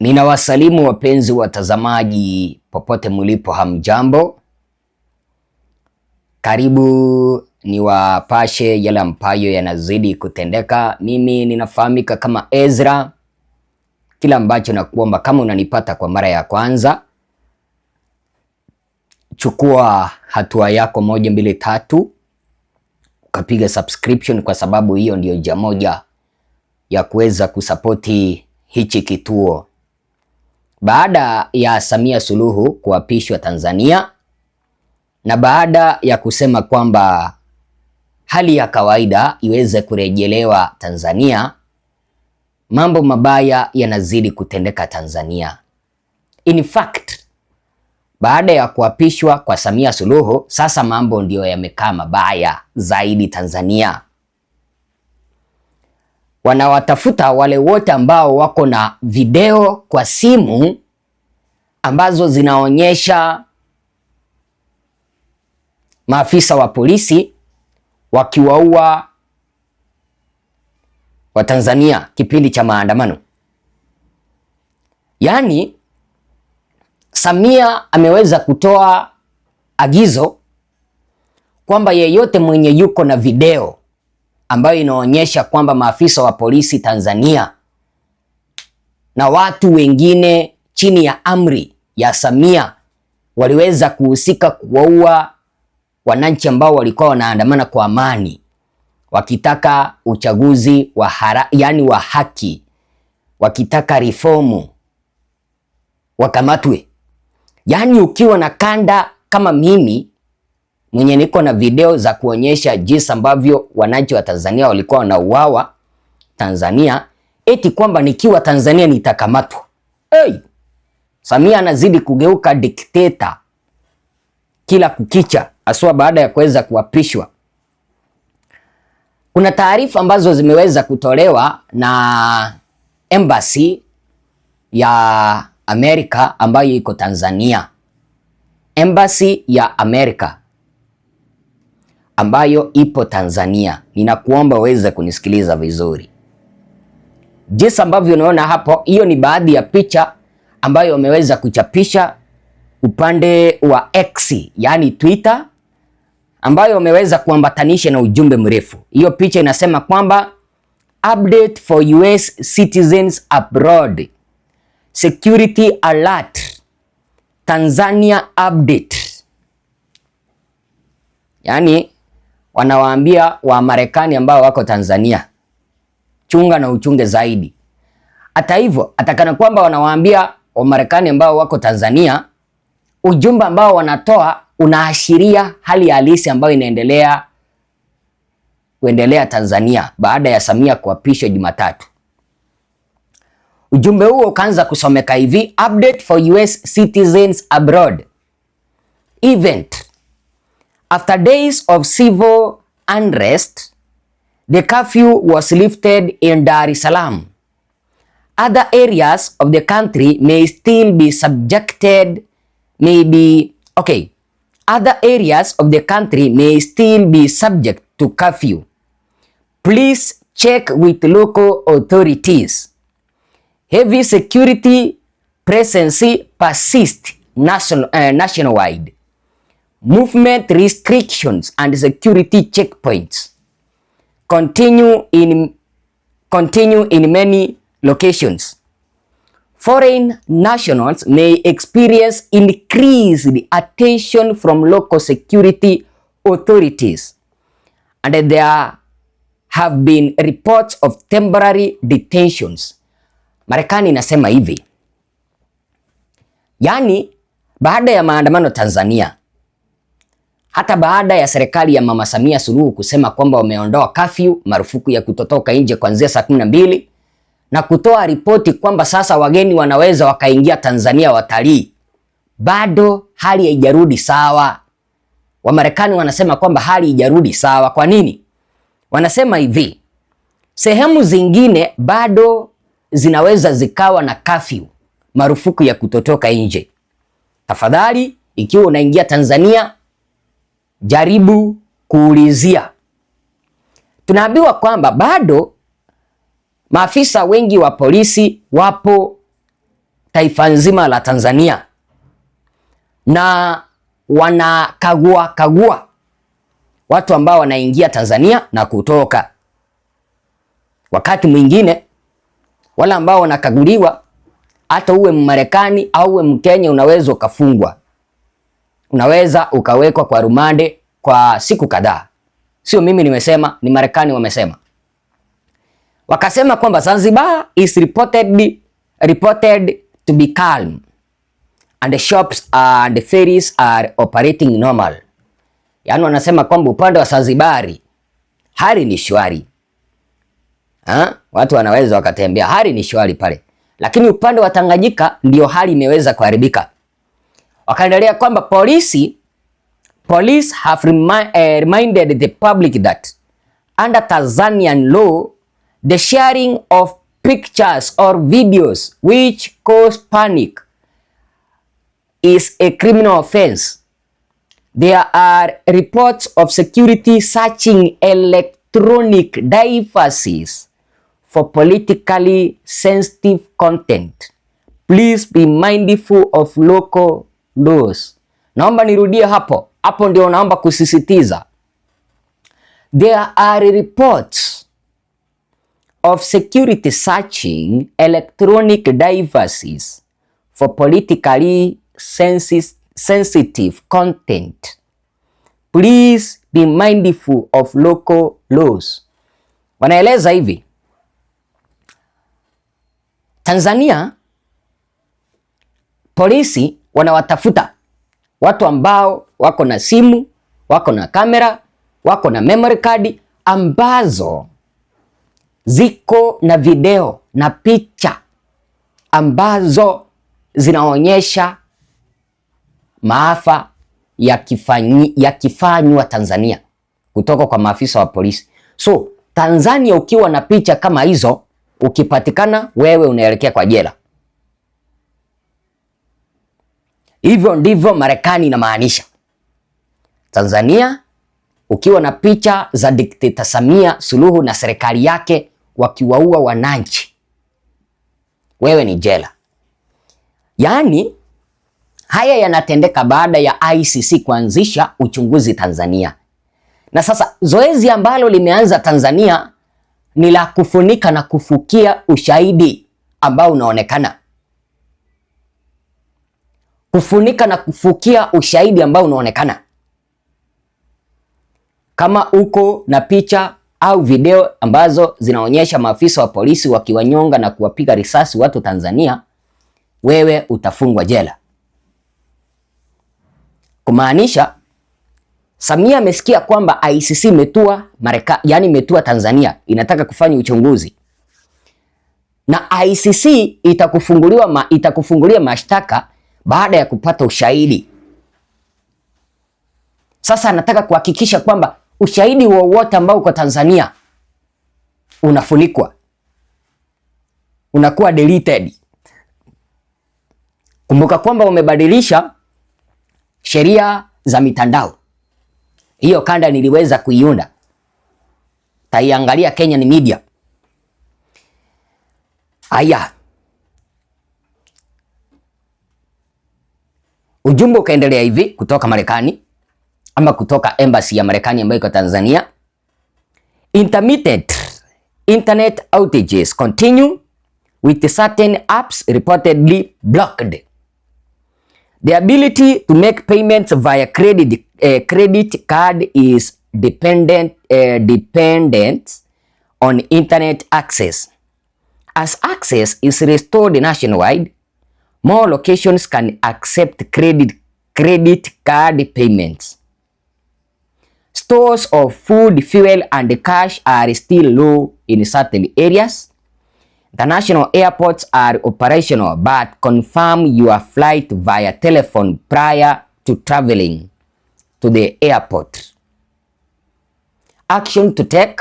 Ninawasalimu wapenzi watazamaji popote mlipo, hamjambo. Karibu ni wapashe yale ambayo yanazidi kutendeka. Mimi ninafahamika kama Ezra. Kila ambacho nakuomba, kama unanipata kwa mara ya kwanza, chukua hatua yako moja, mbili, tatu, ukapiga subscription, kwa sababu hiyo ndio njia moja ya kuweza kusapoti hichi kituo baada ya Samia Suluhu kuapishwa Tanzania na baada ya kusema kwamba hali ya kawaida iweze kurejelewa Tanzania, mambo mabaya yanazidi kutendeka Tanzania. In fact, baada ya kuapishwa kwa Samia Suluhu, sasa mambo ndiyo yamekaa mabaya zaidi Tanzania wanawatafuta wale wote ambao wako na video kwa simu ambazo zinaonyesha maafisa wa polisi wakiwaua Watanzania kipindi cha maandamano. Yaani Samia ameweza kutoa agizo kwamba yeyote mwenye yuko na video ambayo inaonyesha kwamba maafisa wa polisi Tanzania na watu wengine chini ya amri ya Samia waliweza kuhusika kuwaua wananchi ambao walikuwa wanaandamana kwa amani wakitaka uchaguzi wa hara, yani wa haki, wakitaka reformu, wakamatwe. yani ukiwa na kanda kama mimi mwenye niko na video za kuonyesha jinsi ambavyo wananchi wa Tanzania walikuwa wanauawa Tanzania, eti kwamba nikiwa Tanzania nitakamatwa. Hey! Samia anazidi kugeuka dikteta kila kukicha, haswa baada ya kuweza kuapishwa. Kuna taarifa ambazo zimeweza kutolewa na embassy ya Amerika ambayo iko Tanzania, embassy ya Amerika ambayo ipo Tanzania. Ninakuomba uweze kunisikiliza vizuri. Jinsi ambavyo unaona hapo, hiyo ni baadhi ya picha ambayo wameweza kuchapisha upande wa X, yani Twitter, ambayo wameweza kuambatanisha na ujumbe mrefu. Hiyo picha inasema kwamba update for US citizens abroad, security alert, Tanzania update. yani wanawaambia Wamarekani ambao wako Tanzania, chunga na uchunge zaidi. Hata hivyo, atakana kwamba wanawaambia Wamarekani ambao wako Tanzania, ujumbe ambao wanatoa unaashiria hali halisi ambayo inaendelea kuendelea Tanzania baada ya Samia kuapishwa Jumatatu. Ujumbe huo ukaanza kusomeka hivi: update for US citizens abroad event After days of civil unrest, the curfew was lifted in Dar es Salaam. Other areas of the country may still be subjected, may be, okay, other areas of the country may still be subject to curfew. Please check with local authorities. Heavy security presence persists national, uh, nationwide movement restrictions and security checkpoints continue in, continue in many locations. Foreign nationals may experience increased attention from local security authorities, and there have been reports of temporary detentions. Marekani inasema hivi. Yaani baada ya maandamano Tanzania hata baada ya serikali ya Mama Samia Suluhu kusema kwamba wameondoa kafyu, marufuku ya kutotoka nje kuanzia saa kumi na mbili na kutoa ripoti kwamba sasa wageni wanaweza wakaingia Tanzania watalii, bado hali haijarudi sawa. Wamarekani wanasema kwamba hali haijarudi sawa. Kwa nini? Wanasema hivi, sehemu zingine bado zinaweza zikawa na kafyu, marufuku ya kutotoka nje. Tafadhali, ikiwa unaingia Tanzania jaribu kuulizia. Tunaambiwa kwamba bado maafisa wengi wa polisi wapo taifa nzima la Tanzania na wanakagua kagua watu ambao wanaingia Tanzania na kutoka. Wakati mwingine wale ambao wanakaguliwa, hata uwe Mmarekani au uwe Mkenya, unaweza ukafungwa unaweza ukawekwa kwa rumande kwa siku kadhaa. Sio mimi nimesema, ni Marekani wamesema. Wakasema kwamba Zanzibar is reported, reported to be calm and the shops and the ferries are operating normal. Yaani wanasema kwamba upande wa Zanzibari hali ni shwari. Ha? Watu wanaweza wakatembea, hali ni shwari pale, lakini upande wa Tanganyika ndio hali imeweza kuharibika. Wakaendelea kwamba polisi police have remi uh, reminded the public that under Tanzanian law the sharing of pictures or videos which cause panic is a criminal offense. There are reports of security searching electronic devices for politically sensitive content. Please be mindful of local doors. Naomba nirudie hapo hapo, ndio naomba kusisitiza. There are reports of security searching electronic devices for politically sensitive content. Please be mindful of local laws. Wanaeleza hivi Tanzania, polisi wanawatafuta watu ambao wako na simu, wako na kamera, wako na memory card ambazo ziko na video na picha ambazo zinaonyesha maafa yakifanywa ya Tanzania kutoka kwa maafisa wa polisi. So Tanzania, ukiwa na picha kama hizo, ukipatikana wewe unaelekea kwa jela. Hivyo ndivyo Marekani inamaanisha. Tanzania ukiwa na picha za dikteta Samia Suluhu na serikali yake wakiwaua wananchi, wewe ni jela. Yaani haya yanatendeka baada ya ICC kuanzisha uchunguzi Tanzania, na sasa zoezi ambalo limeanza Tanzania ni la kufunika na kufukia ushahidi ambao unaonekana kufunika na kufukia ushahidi ambao unaonekana. Kama uko na picha au video ambazo zinaonyesha maafisa wa polisi wakiwanyonga na kuwapiga risasi watu Tanzania, wewe utafungwa jela. Kumaanisha Samia amesikia kwamba ICC imetua Marekani, yani imetua Tanzania, inataka kufanya uchunguzi na ICC itakufunguliwa ma, itakufungulia mashtaka baada ya kupata ushahidi. Sasa anataka kuhakikisha kwamba ushahidi wowote ambao uko Tanzania unafunikwa, unakuwa deleted. Kumbuka kwamba umebadilisha sheria za mitandao. Hiyo kanda niliweza kuiunda, taiangalia Kenyan Media. Aya, Ujumbe ukaendelea hivi kutoka Marekani ama kutoka embassy ya Marekani ambayo iko Tanzania. Intermittent internet outages continue with certain apps reportedly blocked. The ability to make payments via credit, uh, credit card is dependent, uh, dependent on internet access. As access is restored nationwide, More locations can accept credit, credit card payments. Stores of food, fuel and cash are still low in certain areas. International airports are operational, but confirm your flight via telephone prior to traveling to the airport. Action to take.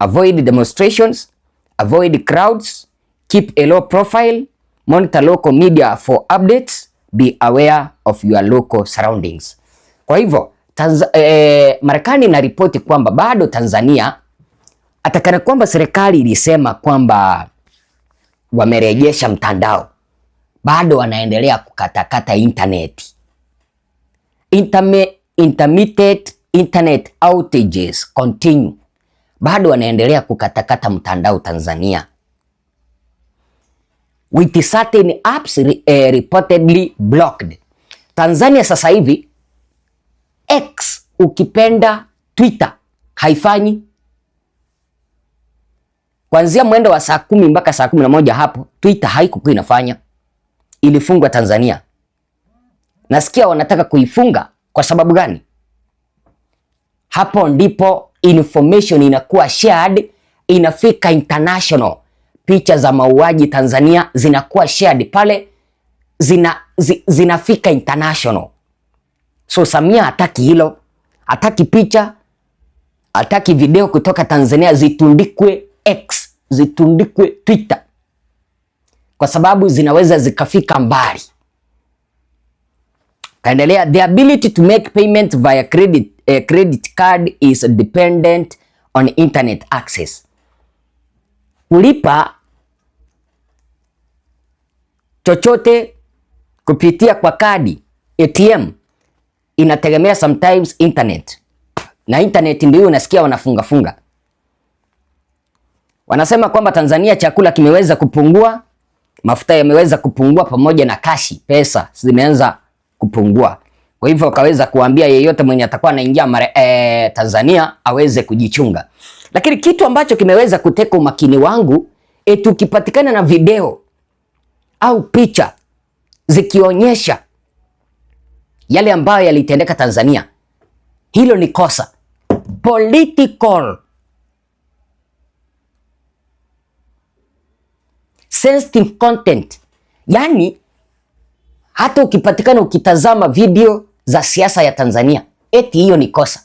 Avoid demonstrations. Avoid crowds. Keep a low profile. Monitor local media for updates, be aware of your local surroundings. Kwa hivyo eh, Marekani inaripoti kwamba bado Tanzania atakana kwamba serikali ilisema kwamba wamerejesha mtandao, bado wanaendelea kukatakata internet. Interme, intermittent internet outages continue, bado wanaendelea kukatakata mtandao Tanzania with certain apps re, eh, reportedly blocked. Tanzania sasa hivi X ukipenda Twitter haifanyi kuanzia mwendo wa saa kumi mpaka saa kumi na moja hapo Twitter haikukuwa inafanya, ilifungwa Tanzania. Nasikia wanataka kuifunga kwa sababu gani? Hapo ndipo information inakuwa shared, inafika international picha za mauaji Tanzania zinakuwa shared pale, zina, zi, zinafika international. So Samia hataki hilo, hataki picha, hataki video kutoka Tanzania zitundikwe X, zitundikwe Twitter, kwa sababu zinaweza zikafika mbali. Kaendelea, the ability to make payment via credit, uh, credit card is dependent on internet access. Kulipa chochote kupitia kwa kadi ATM inategemea sometimes internet, na internet ndio unasikia wanafunga funga. Wanasema kwamba Tanzania chakula kimeweza kupungua, mafuta yameweza kupungua, pamoja na kashi, pesa zimeanza kupungua. Kwa hivyo wakaweza kuambia yeyote mwenye atakuwa anaingia e, Tanzania aweze kujichunga. Lakini kitu ambacho kimeweza kuteka umakini wangu e, tukipatikana na video au picha zikionyesha yale ambayo yalitendeka Tanzania, hilo ni kosa political. Sensitive content, Yani hata ukipatikana ukitazama video za siasa ya Tanzania eti hiyo ni kosa.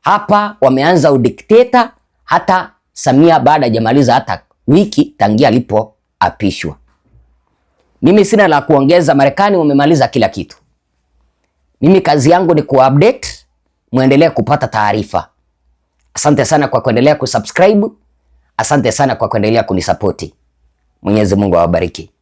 Hapa wameanza udikteta. Hata Samia baada hajamaliza hata wiki tangia alipoapishwa. Mimi sina la kuongeza. Marekani wamemaliza kila kitu. Mimi kazi yangu ni kuupdate, muendelee kupata taarifa. Asante sana kwa kuendelea kusubscribe. Asante sana kwa kuendelea kunisapoti. Mwenyezi Mungu awabariki.